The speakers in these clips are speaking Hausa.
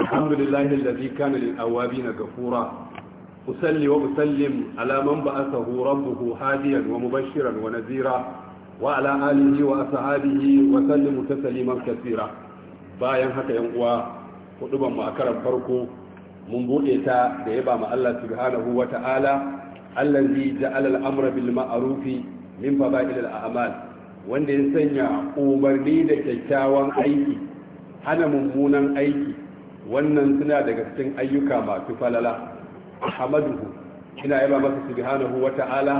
الحمد لله الذي كان للأوابين غفورا أسلي وأسلم على من بعثه ربه هاديا ومبشرا ونذيرا وعلى آله وأصحابه وسلم تسليما كثيرا bayan haka yan uwa huduban mu a karan farko mun bude ta da yaba ma Allah subhanahu ala allazi ja'ala al-amra bil ma'arufi min amal wanda ya sanya umarni da kyakkyawan aiki hana mummunan aiki wannan suna daga cikin ayyuka masu falala ahmaduhu ina yaba masa subhanahu wata'ala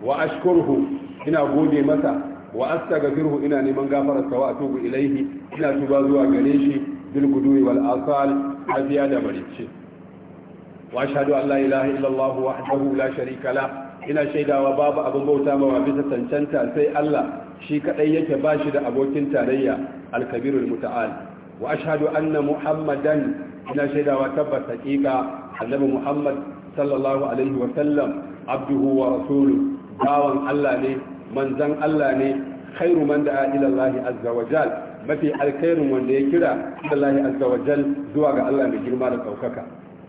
wa ashkuruhu ina gode masa wa astaghfiruhu ina neman gafararsa wa atubu ilaihi ina tuba zuwa gare shi bil guduri wal asal da barici. wa ashhadu an la ilaha illallah wahdahu la sharika la ina shaidawa babu abin bauta ma bisa cancanta sai Allah shi kadai yake bashi da abokin tarayya al-kabirul muta'al wa ashhadu anna muhammadan ina shaidawa tabbas hakika annabi muhammad sallallahu alaihi wa sallam abduhu wa rasuluhu bawan Allah ne manzan Allah ne khairu man da'a ila Allah azza wa jal mafi alkhairin wanda ya kira ila Allah azza wa jal zuwa ga Allah mai girma da ɗaukaka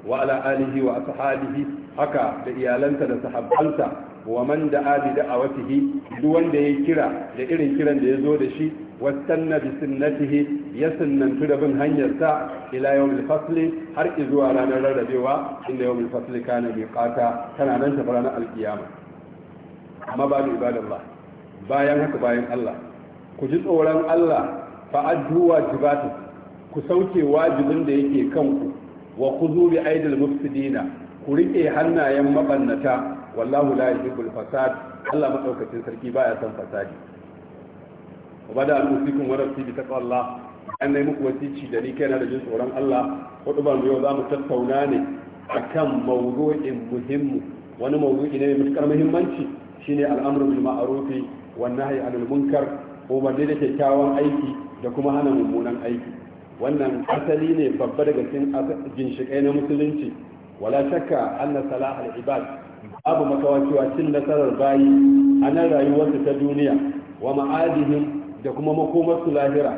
wa ala alihi wa ashabihi haka da iyalanta da sahabbansa wa man da da'a da awatihi duk wanda ya kira da irin kiran da ya zo da shi wasanna bi sunnatihi ya sunnantu da bin sa ila yawmil fasli har izuwa ranar rarrabewa inda yawmil fasli kana miqata tana nan ta ranar alqiyama amma ba da ibadallah bayan haka bayan Allah ku ji tsoron Allah fa'addu wajibatu ku sauke wajibin da yake kanku wa khudhu bi aidil mufsidina ku rike hannayen mabannata wallahu la yuhibbul fasad Allah madaukakin sarki baya son fasadi wabada al-usikum wa nafsi bi taqwallah an nayi muku wasici da ni kaina da jin tsoron Allah hudu ba mu yau zamu tattauna ne akan mawdu'in muhimmu wani mawdu'i ne mai matukar muhimmanci shine al'amru bil ma'ruf wa nahyi anil munkar umarni da kyakkyawan aiki da kuma hana mummunan aiki wannan asali ne babba daga cikin ginshikai na musulunci wala shakka anna salah al-ibad Babu makawa cin nasarar bayi a nan rayuwarsu ta duniya wa ma'adihin da kuma makomarsu lahira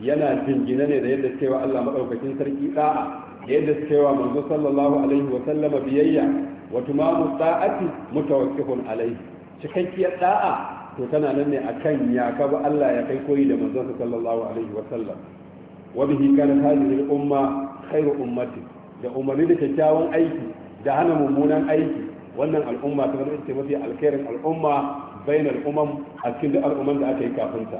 yana jingina ne da yadda suke wa Allah madaukakin sarki da'a da yadda suke wa manzo sallallahu alaihi wa sallama biyayya wa tumamu ta'ati mutawakkifun alaihi cikakkiyar da'a to tana nan ne akan ya ka Allah ya kai koyi da manzon sallallahu alaihi wa sallam wa bihi kana hadhihi al-umma khairu ummati da umarni da kyakkyawan aiki da hana mummunan aiki wannan al'umma ta zama ita mafi alkhairin al'umma bayan al'umam a cikin duk al'umman da aka yi kafinta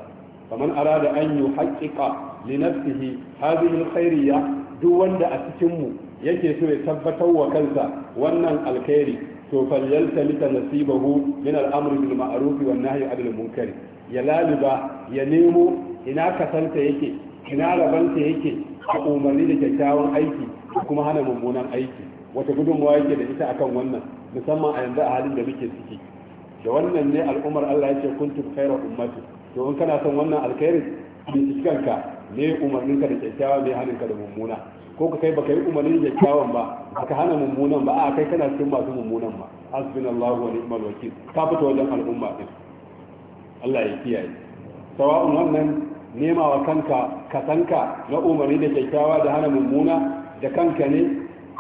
kamar arada an yi haƙiƙa li nafsihi hadhihi duk wanda a cikin mu yake so ya tabbatar wa kansa wannan alkhairi to falyalta lita nasibahu min al'amri bil ma'ruf wan nahyi anil munkar ya laliba ya nemo ina kasanta yake ina rabanta yake a umarni da kyakkyawan aiki kuma hana mummunan aiki wata gudunmawa yake da ita akan wannan musamman a yanzu a halin da muke ciki da wannan ne al'ummar Allah ya ce kuntum khairu ummati to in kana son wannan alkhairi cikin ka ne umarnin ka da kyakkyawa ne halin ka da mummuna ko ka kai baka yi umarnin kyakkyawan ba baka hana mummunan ba a kai kana cikin masu mummunan ba hasbunallahu wa ni'mal wakil ka fito wajen al'umma din Allah ya kiyaye sawa'un wannan nema wa kanka kasanka na umarni da kyakkyawa da hana mummuna da kanka ne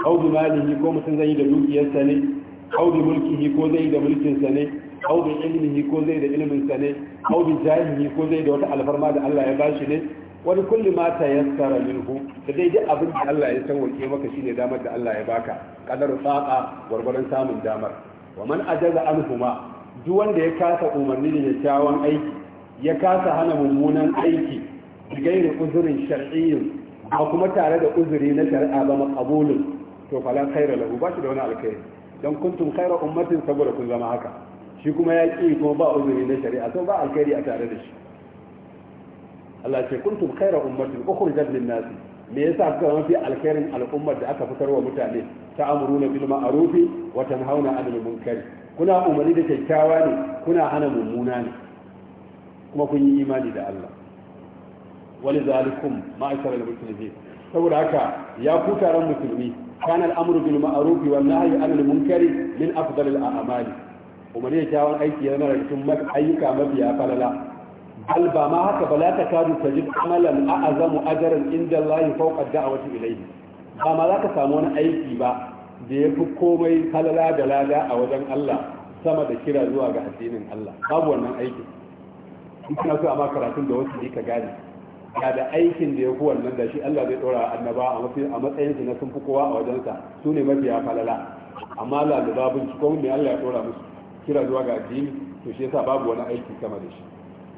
hau bi malihi ko mutum zai yi da dukiyarsa ne hau bi mulkihi ko zai yi da mulkinsa ne hau bi ilmihi ko zai da ilminsa ne hau bi jahihi ko zai da wata alfarma da Allah ya ba shi ne wani kulli ma ta yassara minhu da daidai abin da Allah ya san wake maka shine damar da Allah ya baka kadar saqa gurgurun samun damar wa man ajaza anhuma duk wanda ya kasa umarni da kyakkyawan aiki ya kasa hana mummunan aiki gairu uzurin shar'iyyin ba kuma tare da uzuri na shari'a ba maqbulun to fala khaira lahu ba shi da wani alkhairi dan kuntum khaira ummatin saboda kun zama haka shi kuma ya ki kuma ba uzuri na shari'a to ba alkhairi a tare da shi Allah ce kuntum khaira ummatin ukhrijat lin nas me yasa kuka mafi alkhairin al'ummar da aka fitarwa mutane ta ta'amuruna bil ma'rufi wa tanhauna 'anil munkari kuna umarni da kyakkyawa ne kuna hana mummuna ne kuma kun yi imani da Allah wani zalikum ma'aikarar musulmi saboda haka ya ku taron musulmi kanar al'amuru bil ma'arufi wa nahyi anil munkari min afdalil a'mali umarni da kyawun aiki yana da cikin ayyuka mafiya falala bal ba ma haka ba la takadu tajid amalan a'azamu ajran inda Allah fawqa da'wati ilayhi ba ma za ka samu wani aiki ba da ya fi komai halala da lada a wajen Allah sama da kira zuwa ga addinin Allah babu wannan aikin in kana so a karatun da wasu ne ka gane ga da aikin da ya fi wannan da shi Allah zai dora annaba a matsayin su na sun fi kowa a wajensa su ne mafiya falala amma laluba bincikon ne Allah ya dora musu kira zuwa ga addini to shi yasa babu wani aiki sama da shi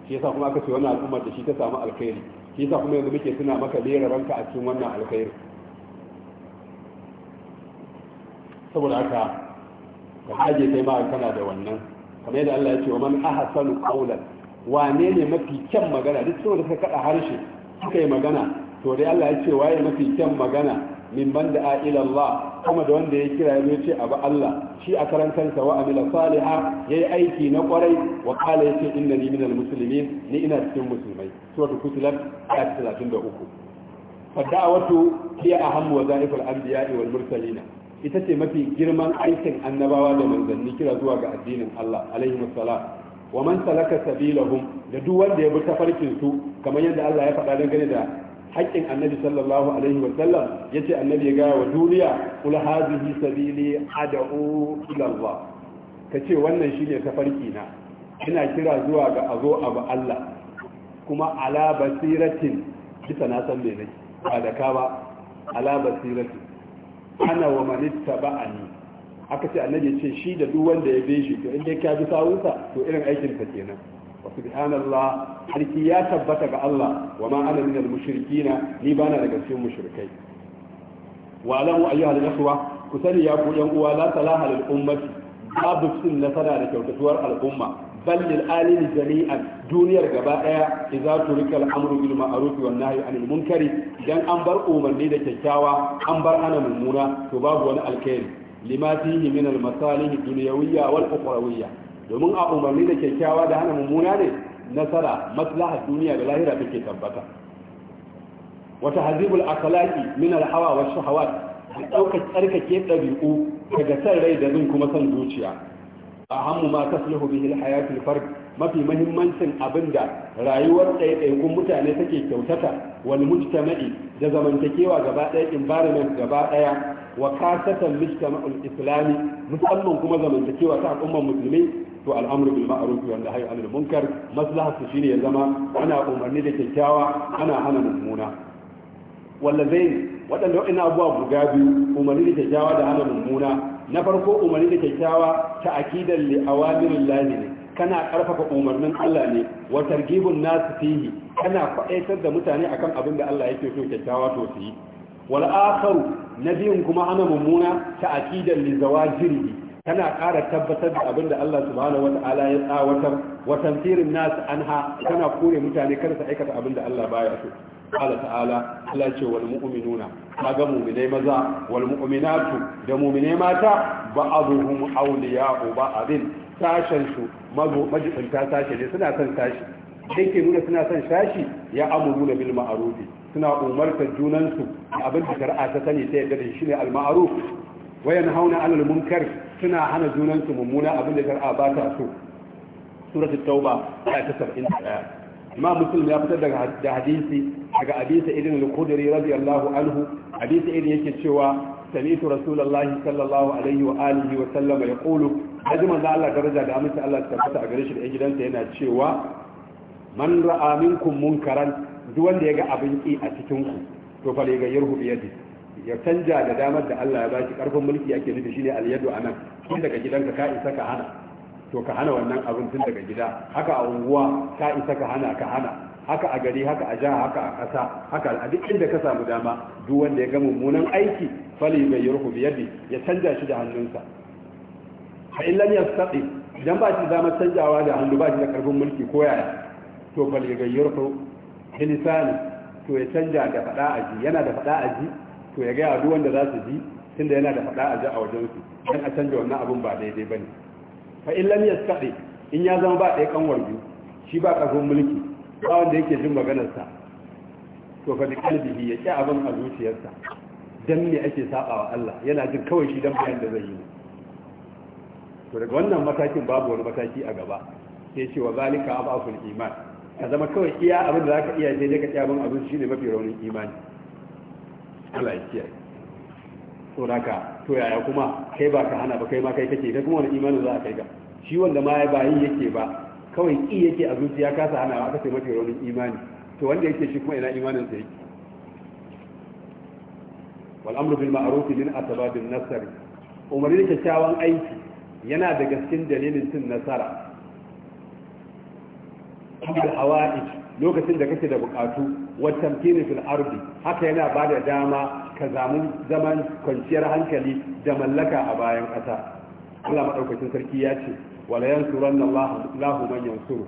shi yasa kuma aka ce wannan al'ummar da shi ta samu alkhairi shi yasa kuma yanzu muke suna maka lera ranka a cikin wannan alkhairi saboda haka ka haje kai ma kana da wannan kamar yadda Allah ya ce wa man ahsanu qawlan wane ne mafi kyan magana duk saboda suka kada harshe suka yi magana to dai Allah ya ce waye mafi kyan magana min banda a ila Allah kuma da wanda ya kira ya ce abu Allah shi a karan kansa wa amila saliha yayi aiki na kwarai wa qala yace innani minal muslimin ni ina cikin musulmai suratul fusilat ayat 33 fadawatu hiya ahammu wazaifil anbiya'i wal Mursalina. ita ce mafi girman aikin annabawa da manzanni kira zuwa ga addinin Allah alaihi wassalam wa man salaka sabilahum da duk wanda ya bi tafarkin su kamar yadda Allah ya faɗa gani da haƙƙin annabi sallallahu alaihi wa sallam yace annabi ya gaya wa duniya kul hadhihi sabili ad'u ila Allah kace wannan shine tafarki na ina kira zuwa ga azo abu Allah kuma ala basiratin bisa na san me nake ba da ka ba ala basiratin ana wa man ittaba'ani aka ce annabi ce shi da duk wanda ya bi shi to in dai ka bi sawunsa to irin aikin sa kenan wa subhanallah harki ya tabbata ga Allah wa ma ana minal mushrikina ni bana daga cikin mushrikai wa alamu ayyuhal ikhwa ku sani ya ku yan uwa la salaha lil ummati babu cin nasara da kyautatuwar al'umma bal lil alil jami'an duniyar gaba daya idza turika al'amru bil ma'ruf wan nahyi anil munkari idan an bar umarni da kyakkyawa an bar ana mummuna to babu wani alkhairi lima fihi min al-masalih dunyawiyya wal ukhrawiyya domin a umarni da kyakkyawa da hana mummuna ne nasara maslaha duniya da lahira take tabbata wa tahzibul akhlaqi min al-hawa wa shahawat da dauka tsarkake dabi'u daga san rai da bin kuma san zuciya ahammu ma taslihu bihi al-hayat al-fard mafi mahimmancin abinda rayuwar ɗaiɗaikun mutane take kyautata wal mujtama'i da zamantakewa gaba ɗaya environment gaba ɗaya wa kasatan mujtama'ul islami musamman kuma zamantakewa ta al'ummar musulmi to al'amru bil ma'ruf wa nahy anil munkar maslahatu shine ya zama ana umarni da kyakkyawa ana hana mummuna wallazain waɗanda ina abubuwa guda biyu umarni da kyakkyawa da hana mummuna na farko umarni da kyakkyawa ta akidan li awamirin lahi ne kana karfafa umarnin Allah ne wa targibun nasu fihi kana faɗaitar da mutane akan abin da Allah yake so kyakkyawa to su yi Wal'akaru na biyun kuma ana mummuna ta aqidan li zawajiri tana ƙara tabbatar da abin da Allah subhanahu wata'ala ya tsawatar wa tanfirin nasu anha tana kore mutane kada su aikata abin da Allah baya so ta'ala قال ce wal تشوا والمؤمنون ga mu'minai maza wal mu'minatu da mu'minai mata ba'dhum awliya'u ba'dhin sashen su ta sashe ne suna son sashi dake nuna suna son sashi ya amuru bil ma'rufi suna umartar junansu abin da shari'a ta sani ta yadda da shi ne al wayan hauna alal munkar suna hana junansu mummuna abin da shari'a ba ta so suratul tauba ta ayat 71 imam muslim ya fitar daga da hadisi daga abisa idin al-qudri radiyallahu anhu abisa idin yake cewa sami'tu rasulullahi sallallahu alaihi wa alihi wa sallama yaqulu ajma da Allah daraja da amince Allah ta tabbata a gare shi da gidanta yana cewa man ra'a minkum munkaran duk wanda ya ga abin ki a cikin ku to fa ga yarhu bi yadi ya canja da damar da Allah ya baki karfin mulki yake nufi shine al-yadu anan tun daga gidanka ka isa ka hana to ka hana wannan abin tun daga gida haka a unguwa ka isa ka hana ka hana haka a gari haka a jiha haka a ƙasa haka a duk inda ka samu dama duk wanda ya ga mummunan aiki fali yarhu bi yadi ya canja shi da hannunsa fa illan yastati idan ba shi damar canjawa da hannu ba shi da karfin mulki ko yaya to fali ga yarhu hilisani to ya canja da faɗa aji yana da faɗa aji to ya gaya duk wanda za su ji tunda yana da faɗa aji a wajensu don a canja wannan abun ba daidai ba ne fa in lam in ya zama ba ɗaya kanwar biyu shi ba ƙarfin mulki ba wanda yake jin maganarsa to fa da kalbihi ya ƙi abin a zuciyarsa dan me ake saba wa Allah yana jin kawai shi dan bayan da zai yi to daga wannan matakin babu wani mataki a gaba sai ce wa zalika abaful iman ka zama kawai iya abin da zaka iya sai dai ka ci abin shi shine mafi raunin imani Allah ya kiyaye to naka to yaya kuma kai ba ka hana ba kai ma kai kake kai kuma wani imanin za a kai ka shi wanda ma ya bayi yake ba kawai ki yake a zuciya kasa hana ba sai mafi raunin imani to wanda yake shi kuma ina imanin sa yake والامر بالمعروف من اسباب النصر umarni da kyakkyawan aiki yana da gaskin dalilin cin nasara fil hawa'ij lokacin da kake da bukatu wa tamkini fil ardi haka yana ba da dama ka zamu zaman kwanciyar hankali da mallaka a bayan ƙasa Allah madaukakin sarki ya ce wala yansuranna Allahu man yansuru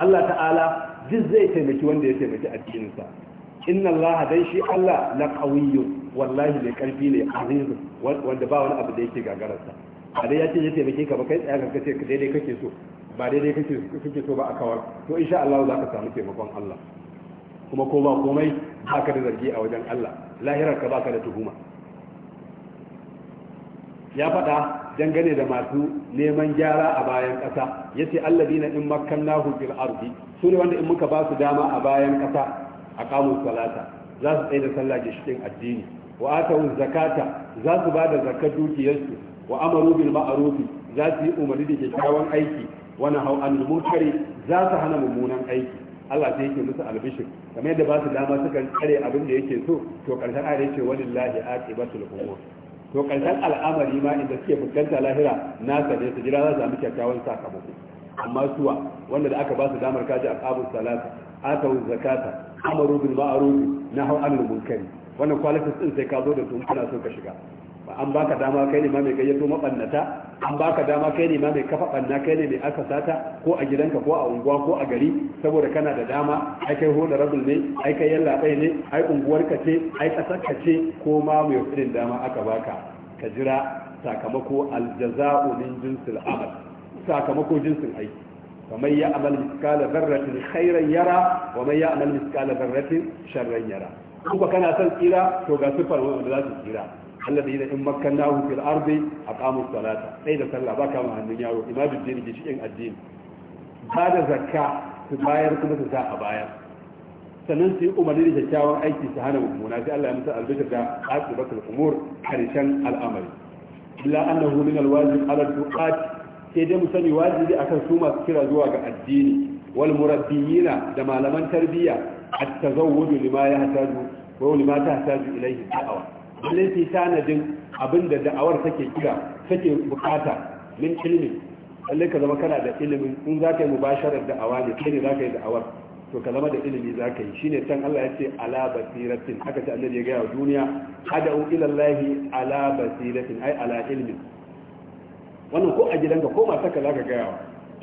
Allah ta'ala duk zai taimaki wanda ya taimaki addininsa inna Allah dai shi Allah la qawiyyun wallahi mai karfi ne azizun wanda ba wani abu da yake gagararsa a dai ya ce ya taimake ka ba kai tsaya ka ce daidai kake so ba daidai kake kake so ba a kawar to insha Allah za ka samu taimakon Allah kuma ko ba komai ba ka da zargi a wajen Allah lahirar ka ba da tuhuma ya faɗa dangane da masu neman gyara a bayan ƙasa ya ce allabina in makkannahu fil ardi su ne wanda in muka ba su dama a bayan ƙasa a kamun salata za su tsaye da sallah gishikin addini wa atawun zakata za su ba da zakar dukiyarsu wa amaru bil ma'arufi za su yi umarni da kyakkyawan aiki wani hau an munkari za su hana mummunan aiki Allah ta yake musu albishir kamar yadda ba su dama sukan tsare abin da yake so to karshen ayar yake walillahi aqibatul umur to karshen al'amari ma inda suke fuskanta lahira nasa ne su jira za su samu kyakkyawan sakamako amma suwa wanda da aka ba su damar kaji ashabus salata atau zakata amaru bil ma'ruf nahaw anil munkari wannan qualities din sai ka zo da su kana so ka shiga an baka dama kai ne ma mai gayyato mabannata an baka dama kai ne ma mai kafa banna kai ne mai aka sata ko a gidanka ko a unguwa ko a gari saboda kana da dama ai kai hoda rabul ne ai kai yalla bai ne ai unguwar ka ce ai kasar ka ce ko ma mai irin dama aka baka ka jira sakamako aljaza'u min jinsil amal sakamako jinsin aiki ومن يعمل مثقال ذرة خيرا يرى ومن يعمل مثقال ذرة شرا يرى kuma kana son tsira to ga sifar wanda za su tsira alladheena in makkannahu fil ardi aqamu salata sai da sallah ba kama hannun yaro imamu dini ke cikin addini ba da zakka su bayar kuma su sa a bayar sannan su yi umarni da kyakkyawan aiki su hana mummuna sai Allah ya musa albishir da aqibatul umur karshen al'amari illa annahu min alwajib ala duqat sai dai mu sani wajibi akan su masu kira zuwa ga addini wal murabbiyina da malaman tarbiyya at-tazawwudu lima ya yahtaju wa lima ta tahtaju ilayhi da'awa lalle sai tanadin abin da da'awar take kira take bukata min ilimi lalle ka zama kana da ilimin in za ka yi mubasharar da'awa ne kai ne za ka yi da'awar to ka zama da ilimi za ka yi shine can Allah ya ce ala basiratin haka ta annabi ya gaya wa duniya ad'u ila Allahi ala basiratin ai ala ilmin wannan ko a gidanka ko matarka za ka gaya wa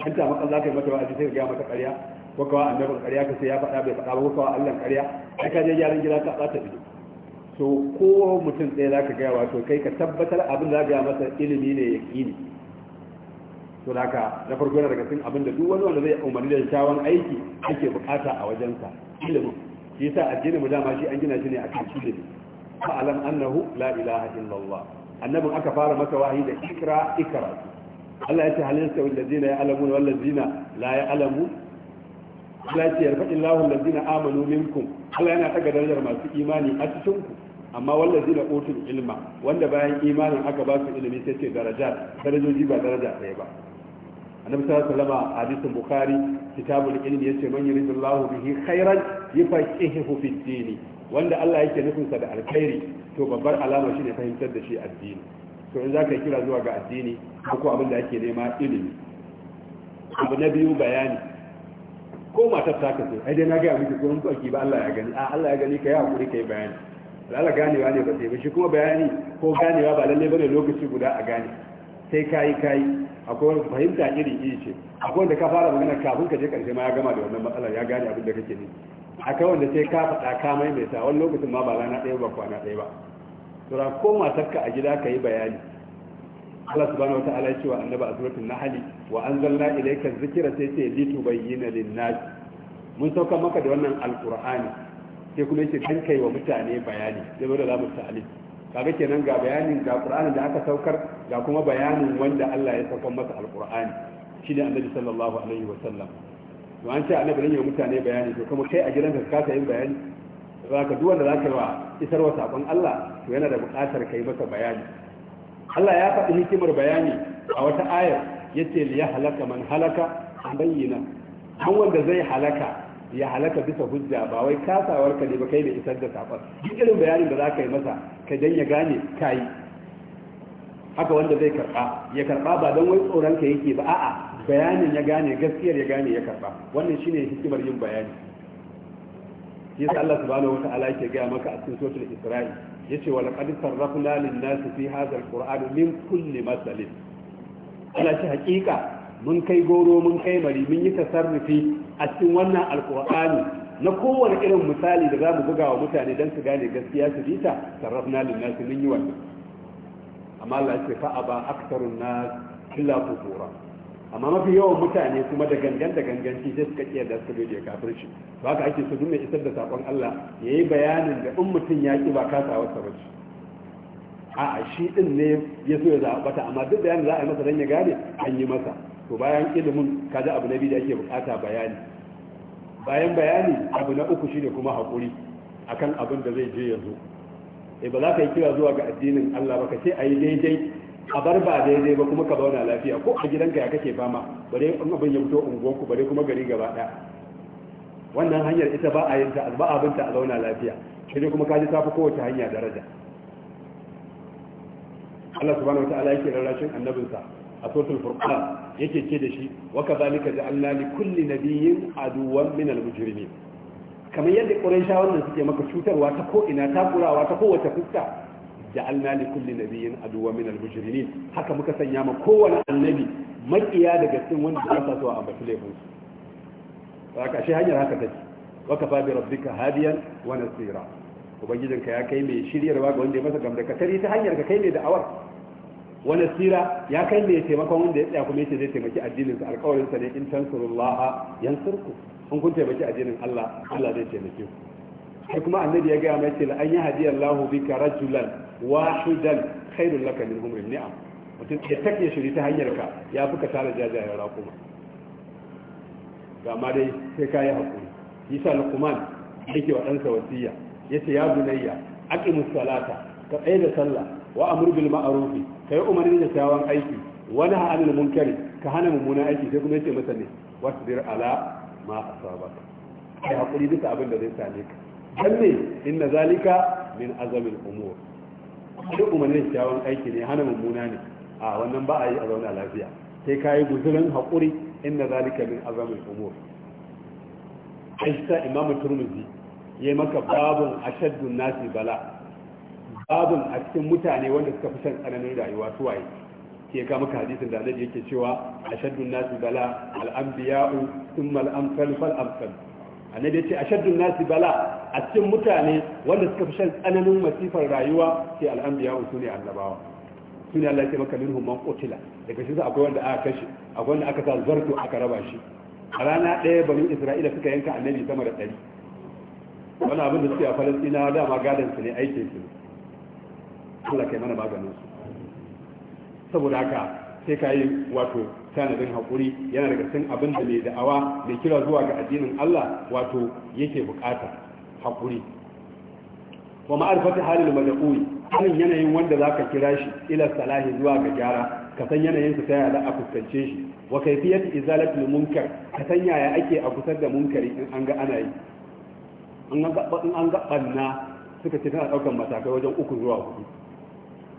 an ta maka za ka yi mata wa'azi sai ka gaya mata ƙarya ko kawa annabin ƙarya ka sai ya faɗa bai faɗa ba ko kawa Allah karya ai ka je gyaran gida ka ɓata ido to ko mutum ɗaya za ka gaya wato kai ka tabbatar abin da za gaya masa ilimi ne ya ne. to da ka na farko na daga cikin abin da duk wani wanda zai umarni da kyakkyawan aiki ake bukata a wajensa ilimin shi yasa addinin mu dama shi an gina shi ne akan ilimi fa'alam annahu la ilaha illallah annabin aka fara masa wahayi da ikra ikra Allah ya ce halin sa wallazina ya'lamuna wallazina la ya'lamu Allah ya ce yarfa illahu wallazina amanu minkum Allah yana daga darajar masu imani a cikin ku amma wanda zina otun ilma wanda bayan imanin aka ba su ilimi sai ce daraja darajoji ba daraja ɗaya ba annabi sallallahu alaihi wasallam hadisin bukhari kitabul ilmi yace man yuridullahu bihi khairan yufaqihuhu fid din wanda Allah yake nufin sa da alkhairi to babbar alama shine fahimtar da shi addini to in zaka kira zuwa ga addini ko abin da ake nema ilimi abu na biyu bayani ko matar ta kace ai dai na ga miki ko in ba Allah ya gani a Allah ya gani kai hakuri kai bayani lala ganewa ne ba sai ba shi kuma bayani ko ganewa ba lalle bane lokaci guda a gane sai kayi kayi akwai fahimta iri iri ce akwai wanda ka fara magana kafin ka je karshe ma ya gama da wannan matsalar ya gane abin da kake ne akwai wanda sai ka faɗa ka sa wani lokacin ma ba rana ɗaya ba kwana ɗaya ba tura ko matarka a gida ka yi bayani Allah subhanahu wata'ala ya ce wa annaba a suratul nahl wa anzalna ilayka dhikra sai ce litubayyana lin-nas mun sauka maka da wannan alqur'ani sai kuma yake dan kai wa mutane bayani zai zo da zamu ta'alif kaga kenan ga bayanin ga Qur'anin da aka saukar ga kuma bayanin wanda Allah ya saukar masa alqur'ani shi shine Annabi sallallahu alaihi wa sallam to an ce Annabi ne ya mutane bayani to kuma kai a gidan ka kasa yin bayani zaka duk wanda zaka wa isarwa sakon Allah to yana da buƙatar kai masa bayani Allah ya faɗi hikimar bayani a wata ayar yace li halaka man halaka an bayyana an wanda zai halaka ya halaka bisa hujja ba wai kasawar ka ne ba kai da isar da safar duk irin bayanin da za ka yi masa ka dan ya gane ka yi haka wanda zai karba ya karba ba don wai tsoron ka yake ba a'a bayanin ya gane gaskiyar ya gane ya karba wannan shine hikimar yin bayani yasa Allah subhanahu wata'ala yake ga maka a cikin suratul Isra'i yace wa laqad sarrafna lin-nasi fi hadha al min kulli masalin Allah shi hakika mun kai goro mun kai mari mun yi tasarrufi a cikin wannan alkur'ani na kowane irin misali da za mu buga wa mutane don su gane gaskiya su bi ta sarrafna nasi mun yi wannan amma Allah ce fa aba aktarun nas illa kufura amma mafi yawan mutane kuma da gangan da ganganci sai suka kiyar da su bi da kafirci ba ka ake so duk mai isar da sakon Allah yayi bayanin da in mutum ya ki ba ka sa ba a'a shi din ne ya so ya zaɓata amma duk bayanin za a yi masa dan ya gane an yi masa to bayan ilimin kaza abu na biyu da ake bukata bayani bayan bayani abu na uku shine kuma hakuri akan abin da zai je yanzu eh ba za ka yi kira zuwa ga addinin Allah ba ka ce ayi daidai a bar ba daidai ba kuma ka zauna lafiya ko a gidanka ya kake fama bare in abin ya fito unguwanku bare kuma gari gaba daya wannan hanyar ita ba a yin ta ba abin ta a zauna lafiya shi ne kuma ka ji tafi kowace hanya daraja Allah subhanahu wa ta'ala yake rarrashin annabinsa a sautul furqan yake ce da shi wa kadhalika ja'alna li kulli nabiyyin aduwwan min al-mujrimin kamar yadda quraisha wannan suke maka cutarwa ta ko ina ta kurawa ta kowace fuska ja'alna li kulli nabiyyin aduwwan min al-mujrimin haka muka sanya ma kowane annabi makiya daga cikin wanda ba sa so a ambaci laifin su haka shi hanyar haka take wa kafa bi rabbika hadiyan wa nasira ubangijinka ya kai mai shiryarwa ga wanda ya masa gamdakatar ta hanyar ka kai mai da'awar wani sira ya kai mai taimakon wanda ya tsaya kuma yace zai taimaki addininsa alƙawarinsa ne in tansurullaha yansurku in kun taimaki addinin Allah Allah zai taimake ku sai kuma annabi ya ga mai ce la an Lahu Allahu bika rajulan wahidan khairul laka min umri ni'am mutum ya take shiri ta hanyar ka ya fi ka tara jajayen raƙuma Gama dai sai ka yi yisa Lukuman yake wa ɗansa wasiya yace ya bunayya aqimus salata ka tsaye da sallah wa amru bil ma'ruf kai umarni da kyawawan aiki wani mun munkari ka hana mummunan aiki sai kuma yace masa ne wasbir ala ma asabaka kai hakuri duka abin da zai same ka dan ne inna zalika min azamil umur duk umarnin kyawawan aiki ne hana mummuna ne a wannan ba a yi a zauna lafiya sai ka yi guzurin hakuri inna zalika min azamin umur aisha imamu turmuzi ya maka babun ashaddun nasi bala babin a cikin mutane wanda suka fi shan tsananin rayuwa su waye ke ga maka hadisin da annabi yake cewa ashaddu nasi bala al-anbiya'u thumma al-amsal fal amsal annabi yace ashaddu nasi bala a cikin mutane wanda suka fi shan tsananin masifar rayuwa ke al-anbiya'u sune annabawa sune Allah ya maka minhum man qutila daga shi akwai wanda aka kashe akwai wanda aka sa zarto aka raba shi a rana ɗaya bani isra'ila suka yanka annabi sama da ɗari wani abin da suke a falasɗinawa dama gadon su ne aikin su ne Allah kai mana maganin su saboda haka sai ka yi wato tanadin hakuri yana daga cikin abin da mai da'awa mai kira zuwa ga addinin Allah wato yake bukata hakuri wa ma'arifati halil mad'ui sanin yanayin wanda zaka kira shi ila salahi zuwa ga gyara ka san yanayin sa ta da a fuskance shi wa kayfiyat izalatul munkar ka san yaya ake a kusar da munkari in an ga ana yi an ga an ga banna suka ce tana daukar matakai wajen uku zuwa hudu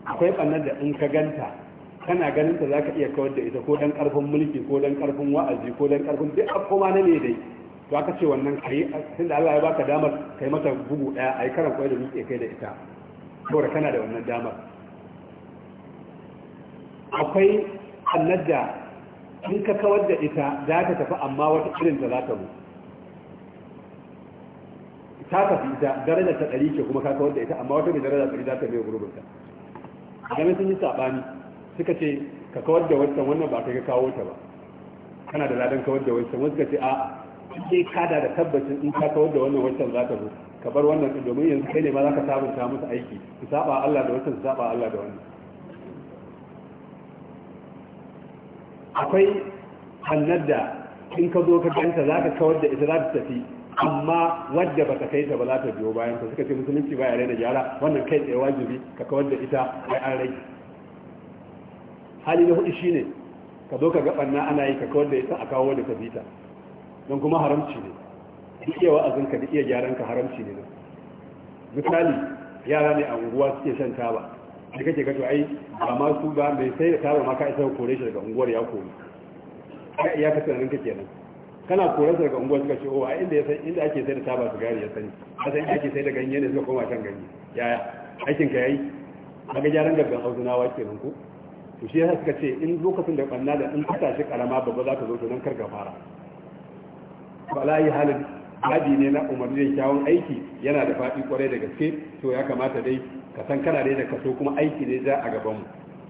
akwai ɓannar da in ka ganta kana ganin ta ka iya kawar da ita ko dan karfin mulki ko dan karfin wa'azi ko dan karfin duk abubuwa na ne dai to aka ce wannan kai da Allah ya baka damar kai mata bugu daya ai karan koyar da miƙe kai da ita saboda kana da wannan damar akwai annar da in ka kawar da ita za ta tafi amma wata irin da za ta zo ta tafi ita daraja ta ɗari ke kuma ka kawar da ita amma wata mai ta ɗari za ta mai gurbinta game sun yi saɓani suka ce ka kawar da wancan wannan ba ka kawo ta ba kana da ladan kawar da wancan wasu ka ce a'a sai kada da tabbacin in ka kawar da wannan wancan za ka zo ka bar wannan domin yanzu kai ne ma za ka sabunta musu aiki su saba Allah da wancan su saba Allah da wannan akwai hannar da in ka zo ka ganta za ka kawar da ita za ta tafi amma wadda baka kai ta ba za ta biyo bayan ta suka ce musulunci ba baya raina gyara wannan kai tsaye wajibi ka kawar da ita ai an rai hali na hudu shine ka zo ka ga na ana yi ka kawar da ita a kawo da bita don kuma haramci ne duk iya wa'azin ka duk iya gyaran ka haramci ne misali yara ne a unguwa suke shan taba sai kake ga to ai ba ma su ba mai sai da taba ma ka isa kore shi daga unguwar ya kore ya ka tunanin ka kenan kana koran daga unguwa suka ce oh a inda yasa inda ake sai da taba sigari ya sani a san ake sai da ganye ne suka koma shan ganye yaya aikin ka yayi kaga gyaran gaggan auzunawa kenan ko to shi yasa suka ce in lokacin da banna da in kasa shi karama babba za ka zo to nan ga fara bala yi halin hadi ne na umarni da kyawun aiki yana da faɗi kwarai da gaske to ya kamata dai ka san kana dai da kaso kuma aiki ne za a gaban mu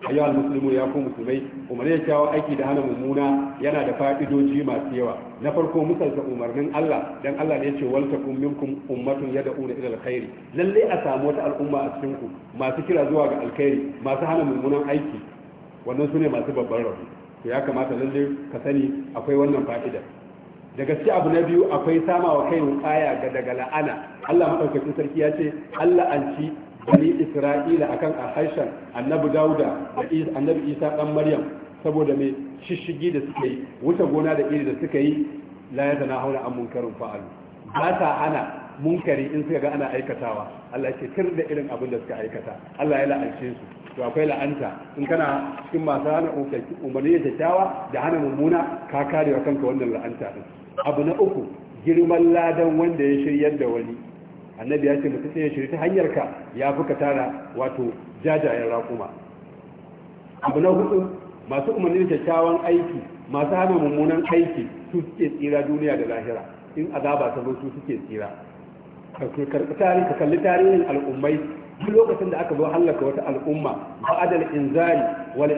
ayyuhal muslimu ya ku musulmai umarni kyawa aiki da hana mummuna yana da fa'idoji masu yawa na farko misalta umarnin Allah dan Allah ne ya ce wal takum minkum ummatun yad'una ila alkhair lalle a samu wata al'umma a cikin ku masu kira zuwa ga alkhairi masu hana mummunan aiki wannan sune masu babban rabu to ya kamata lalle ka sani akwai wannan fa'ida da gaske abu na biyu akwai samawa kai kaya ga daga la'ana Allah madaukakin sarki ya ce Allah an ci bani isra'ila akan ahaishan annabi dauda da annabi isa dan maryam saboda mai shishigi da suka yi wuta gona da iri da suka yi la ya zana hauna an munkarin fa'alu ba ta ana munkari in suka ga ana aikatawa Allah ke kir da irin abin da suka aikata Allah ya la'ance su to akwai la'anta in kana cikin masu hana umarni ya kyakkyawa da hana mummuna ka kare wa kanka wannan la'anta din abu na uku girman ladan wanda ya shiryar da wani annabi ya ce mutum ya shirya ta hanyar ka ya fi ka tara wato jajayen raƙuma abu na hudu masu umarnin kyakkyawan aiki masu hana mummunan aiki su suke tsira duniya da lahira in azaba ta zo su suke tsira ka kalli tarihin al'ummai duk lokacin da aka zo hallaka wata al'umma ba'adal inzari wal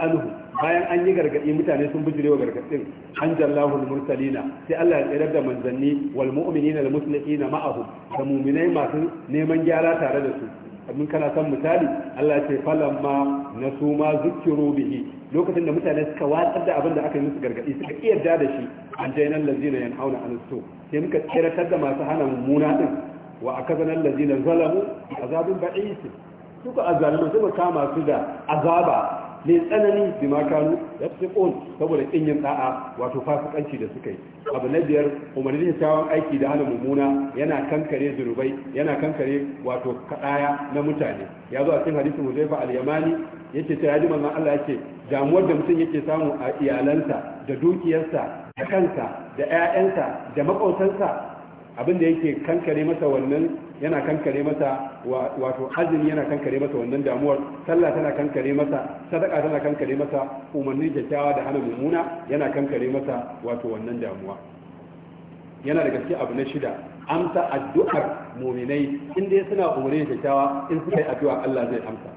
anhu bayan an yi gargadi mutane sun bijire wa gargadin an jallahu mursalina sai Allah ya tsirar da manzanni wal mu'minina al muslimina ma'ahu da mu'minai masu neman gyara tare da su abin kana san misali Allah ce falamma nasu ma zukiru bihi lokacin da mutane suka watsar da abin da aka yi musu gargadi suka kiyarda da shi an jainan lazina yanhauna an su sai muka tsiratar da masu hana mummuna din wa akazanan lazina zalamu azabin ba'is suka azalimin suka kama su da azaba ne tsanani bi ma kanu ya fi saboda yin da'a wato fasikanci da suka yi abu na biyar umarnin kyakkyawan aiki da hana mummuna yana kankare zunubai yana kankare wato kaɗaya na mutane ya zo a cikin hadisin muzaifa al-yamani yace ta yaji manzon Allah yace damuwar da mutum yake samu a iyalansa da dukiyarsa da kansa da 'ya'yansa da maƙotansa abin da yake kankare masa wannan yana kankare masa wato azumi yana kankare masa wannan damuwar sallah tana kankare masa sadaka tana kankare masa umarni kyakkyawa da hana mummuna yana kankare masa wato wannan damuwa yana da gaske abu na shida amsa addu'ar muminai in dai suna umarni kyakkyawa in suka yi addu'a Allah zai amsa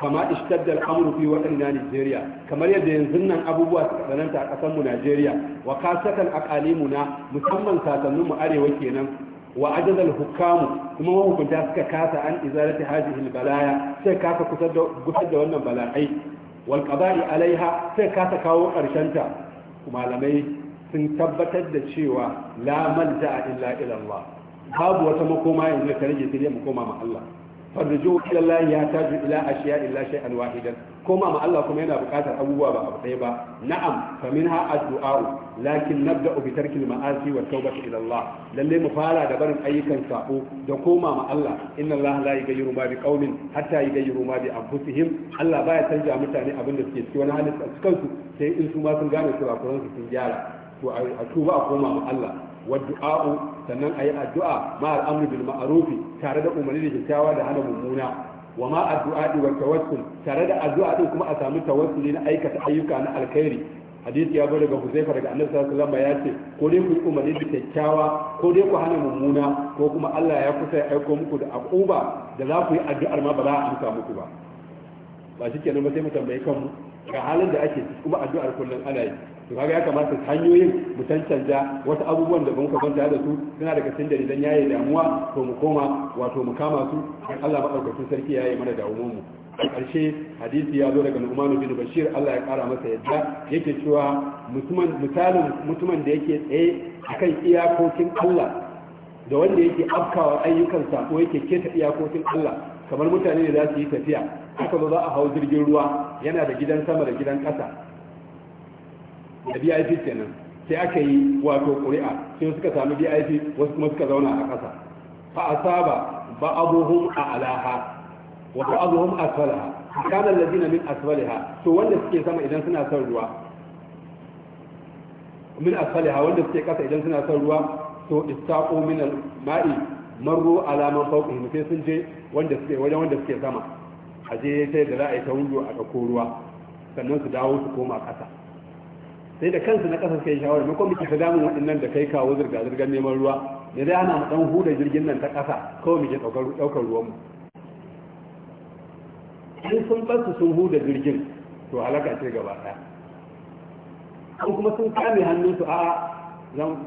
kama ishtadda al'amru fi wadanna Nigeria kamar yadda yanzu nan abubuwa suka tsananta a kasar mu Nigeria wa kasatan aqalimuna musamman sasannin mu arewa kenan wa ajazal hukamu kuma mahukunta suka kasa an izalati hadhihi Balaya, sai kasa kusar da da wannan bala'ai wal qada'i alaiha sai kasa kawo karshen ta malamai sun tabbatar da cewa la malja'a illa ila Allah babu wata makoma yanzu ta rage sai mu koma ma Allah farjuju ila Allah ya taju ila ashiya illa shay'an wahidan koma ma Allah kuma yana buƙatar abubuwa ba abu ɗaya ba na'am fa minha addu'a lakin nabda'u bi tarki al-ma'asi wa tawbati ila Allah lalle mu fara da barin ayyukan sabo da koma ma Allah inna Allah la yughayyiru ma bi qaumin hatta yughayyiru ma bi anfusihim Allah baya canja mutane abin da suke ciki wani halin su kansu sai in su ma sun gane kurakuran su sun gyara to a tuba a koma ma Allah wa du'a'u sannan ayi addu'a ma al-amru bil ma'ruf tare da umarni da kyakkyawa da hana mummuna wa ma addu'a wa tawassul tare da addu'a din kuma a samu tawassuli na aikata ayyuka na alkhairi hadisi ya zo daga Huzaifa daga Annabi sallallahu alaihi wasallam ya ce ko dai ku umarni da kyakkyawa ko dai ku hana mummuna ko kuma Allah ya kusa ya aiko muku da akuba da za ku yi addu'ar ma ba za a amsa muku ba ba kenan ba sai mu tambaye kanmu ga halin da ake kuma addu'ar kullum ana yi to kaga ya kamata hanyoyin mu tantanta wasu abubuwan da muka kwanta da su suna daga cikin dalilan yayi damuwa to mu koma wato mu kama su dan Allah madaukakin sarki yayi mana damuwan mu a ƙarshe hadisi ya zo daga Nu'man bin Bashir Allah ya kara masa yadda yake cewa mutumin misalin mutumin da yake tsaye akan iyakokin Allah da wanda yake afkawa ayyukansa ko yake keta iyakokin Allah kamar mutane da za su yi tafiya haka ba za a hau jirgin ruwa yana da gidan sama da gidan ƙasa da vip kenan sai aka yi wato ƙuri'a sai suka sami vip wasu kuma suka zauna a ƙasa fa asaba ba abuhum a alaha wa ba abuhum a salaha kana lazina min asfaliha to wanda suke sama idan suna son ruwa min asfaliha wanda suke ƙasa idan suna son ruwa to istaqu min al-ma'i marru ala man fawqihim sai sun je wanda suke wajen wanda suke sama aje sai da za a yi ta hundu a ɗauko ruwa sannan su dawo su koma ƙasa sai da kansu na kasar kai shawara maimakon muke ta damun waɗannan da kai kawo zirga zirgar neman ruwa da zai ana mu dan jirgin nan ta ƙasa kawai muke ɗaukar ruwanmu in sun ɓarsu sun huda jirgin to halaka ce gaba ɗaya kuma sun kame hannunsu a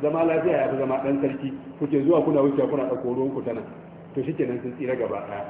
zama lafiya ya fi zama ɗan sarki kuke zuwa kuna wuce kuna ɗauko ruwan ku tana to shi kenan sun tsira gaba ɗaya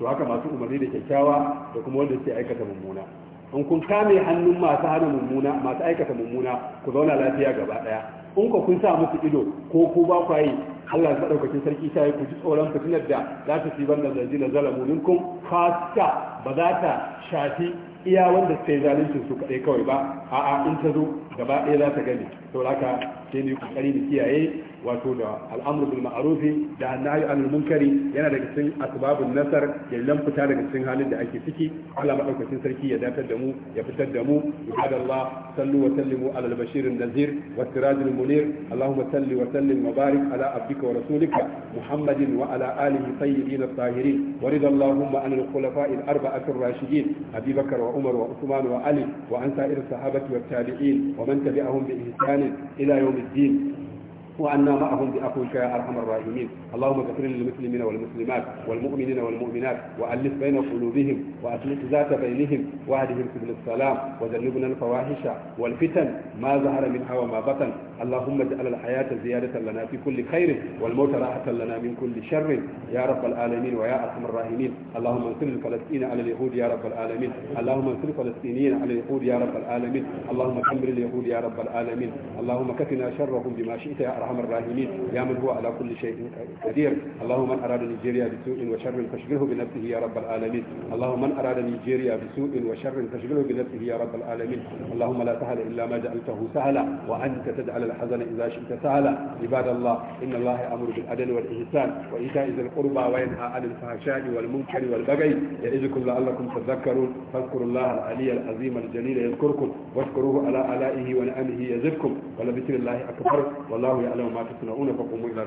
to haka masu umarni da kyakkyawa da kuma wanda suke aikata mummuna in kun kame hannun masu hana mummuna masu aikata mummuna ku zauna lafiya gaba daya in ku kun sa musu ido ko ku ba ku yi Allah ya daukakin sarki ta yi ku ji tsoron fitinar da za ta fi banda zanji na zalamu minkum khassa ba za ta shafi iya wanda suka yi zalincin su kaɗai kawai ba a'a in ta zo gaba ɗaya za ta gani to haka sai ne kokari ni kiyaye wato da al'amur bil ma'ruf da nahyi anil munkari yana daga cikin asbabun nasar ya lamfuta daga cikin halin da ake ciki Allah madaukakin sarki ya dakatar da mu ya fitar da mu ibadallah sallu wa sallimu ala al-bashir an-nazir wa siraj munir Allahumma salli wa sallim wa barik ala abdika wa rasulika Muhammadin wa ala alihi tayyibin at-tahirin wa rida Allahumma an al-khulafa'i al-arba'ah ar-rashidin Abi Bakr wa Umar wa Uthman wa Ali wa an sa'ir as-sahabati wat-tabi'in wa man tabi'ahum bi ihsan ila yawm الدين وعنا معهم بأخوك يا أرحم الراحمين اللهم كفر للمسلمين والمسلمات والمؤمنين والمؤمنات وألف بين قلوبهم وأصلح ذات بينهم واهدهم سبل السلام وجنبنا الفواحش والفتن ما ظهر منها وما بطن اللهم اجعل الحياة زيادة لنا في كل خير والموت راحة لنا من كل شر يا رب العالمين ويا أرحم الراحمين اللهم انصر الفلسطين على اليهود يا رب العالمين اللهم انصر الفلسطينيين على اليهود يا رب العالمين اللهم كمل اليهود يا رب العالمين اللهم كفنا شرهم بما شئت يا أرحم ارحم الراحمين يا من هو على كل شيء قدير اللهم من اراد نيجيريا بسوء وشر فاشغله بنفسه يا رب العالمين اللهم من اراد نيجيريا بسوء وشر فاشغله بنفسه يا رب العالمين اللهم لا سهل الا ما جعلته سهلا وانت تجعل الحزن اذا شئت سهلا عباد الله ان الله امر بالعدل والاحسان وايتاء ذي القربى وينهى عن الفحشاء والمنكر والبغي يعظكم لعلكم تذكرون فاذكروا الله العلي العظيم الجليل يذكركم واشكروه على الائه ونعمه يزدكم ولذكر الله اكبر والله يعلم ya'lamu ma tasna'una fa qum ila